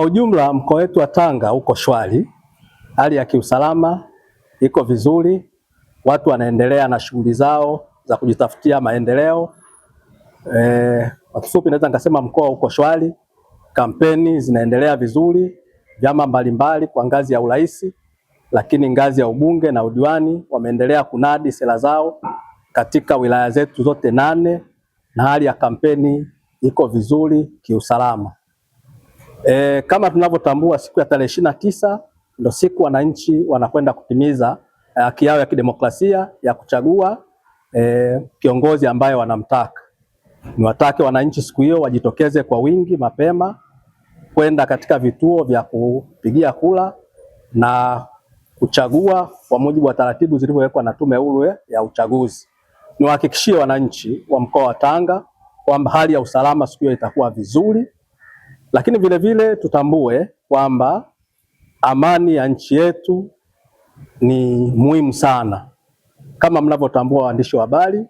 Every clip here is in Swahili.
ujumla mkoa wetu wa Tanga uko shwari, hali ya kiusalama iko vizuri, watu wanaendelea na shughuli zao za kujitafutia maendeleo. E, kwa kifupi naweza nikasema mkoa uko shwari, kampeni zinaendelea vizuri, vyama mbalimbali kwa ngazi ya urais, lakini ngazi ya ubunge na udiwani wameendelea kunadi sera zao katika wilaya zetu zote nane, na hali ya kampeni iko vizuri kiusalama. E, kama tunavyotambua siku ya tarehe ishirini na tisa ndo siku wananchi wanakwenda kutimiza eh, haki yao ya kidemokrasia ya kuchagua e, kiongozi ambaye wanamtaka. Niwatake wananchi siku hiyo wajitokeze kwa wingi mapema kwenda katika vituo vya kupigia kura na kuchagua kwa mujibu wa taratibu zilizowekwa na Tume Huru ya Uchaguzi. Niwahakikishie wananchi wa mkoa wa Tanga kwamba hali ya usalama siku hiyo itakuwa vizuri. Lakini vile vile tutambue kwamba amani ya nchi yetu ni muhimu sana, kama mnavyotambua waandishi wa habari.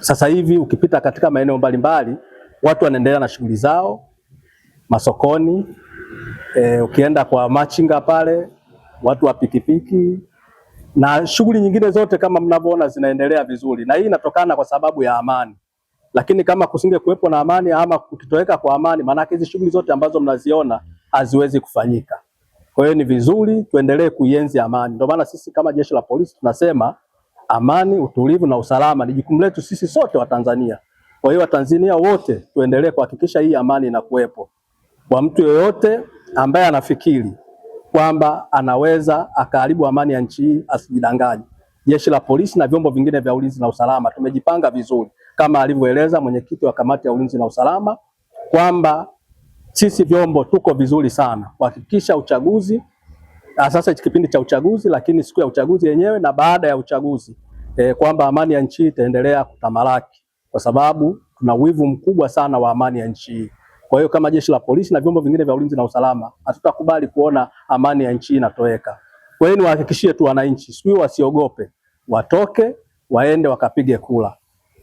Sasa hivi ukipita katika maeneo mbalimbali, watu wanaendelea na shughuli zao masokoni. E, ukienda kwa machinga pale, watu wa pikipiki na shughuli nyingine zote kama mnavyoona zinaendelea vizuri, na hii inatokana kwa sababu ya amani lakini kama kusinge kuwepo na amani ama kukitoweka kwa amani, maanake hizi shughuli zote ambazo mnaziona haziwezi kufanyika. Kwa hiyo ni vizuri tuendelee kuienzi amani. Ndio maana sisi kama jeshi la polisi tunasema amani, utulivu na usalama ni jukumu letu sisi sote Watanzania. Kwa hiyo Watanzania wote tuendelee kuhakikisha hii amani inakuwepo. Kwa mtu yoyote ambaye anafikiri kwamba anaweza akaharibu amani ya nchi hii asijidanganye jeshi la polisi na vyombo vingine vya ulinzi na usalama. Tumejipanga vizuri kama alivyoeleza mwenyekiti wa kamati ya ulinzi na usalama kwamba sisi vyombo tuko vizuri sana kuhakikisha uchaguzi sasa kipindi cha uchaguzi, lakini siku ya uchaguzi yenyewe na baada ya uchaguzi e, kwamba amani ya nchi itaendelea kutamalaki, kwa sababu tuna wivu mkubwa sana wa amani ya nchi hii. Kwa hiyo kama jeshi la polisi na vyombo vingine vya ulinzi na usalama hatutakubali kuona amani ya nchi inatoweka. Kwa hiyo niwahakikishie tu wananchi, siku hiyo wasiogope, watoke waende wakapige kula,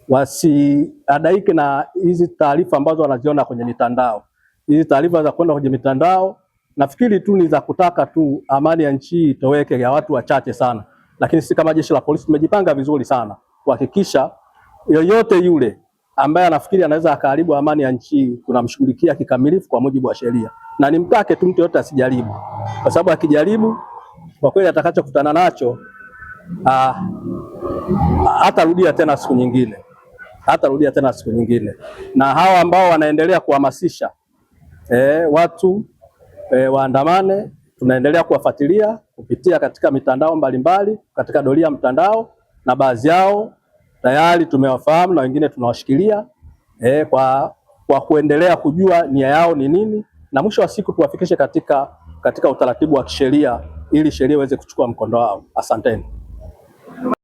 wasiadaike na hizi taarifa ambazo wanaziona kwenye mitandao. Hizi taarifa za kwenda kwenye mitandao nafikiri tu ni za kutaka tu amani ya nchi itoweke ya watu wachache sana, lakini sisi kama jeshi la polisi tumejipanga vizuri sana kuhakikisha yoyote yule ambaye anafikiri anaweza akaharibu amani ya nchi tunamshughulikia kikamilifu kwa mujibu wa sheria, na nimtake tu mtu yote asijaribu, kwa sababu akijaribu, kwa kweli atakachokutana nacho Ah, hatarudia tena siku nyingine, hatarudia tena siku nyingine. Na hawa ambao wanaendelea kuhamasisha e, watu e, waandamane, tunaendelea kuwafuatilia kupitia katika mitandao mbalimbali mbali, katika doria mtandao, na baadhi yao tayari tumewafahamu na wengine tunawashikilia e, kwa, kwa kuendelea kujua nia yao ni nini, na mwisho wa siku tuwafikishe katika, katika utaratibu wa kisheria ili sheria iweze kuchukua mkondo wao. Asanteni.